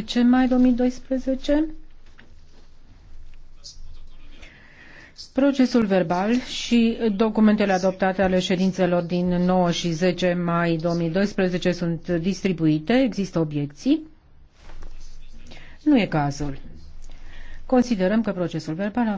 10 mai 2012. Procesul verbal și documentele adoptate ale ședințelor din 9 și 10 mai 2012 sunt distribuite. Există obiecții? Nu e cazul. Considerăm că procesul verbal a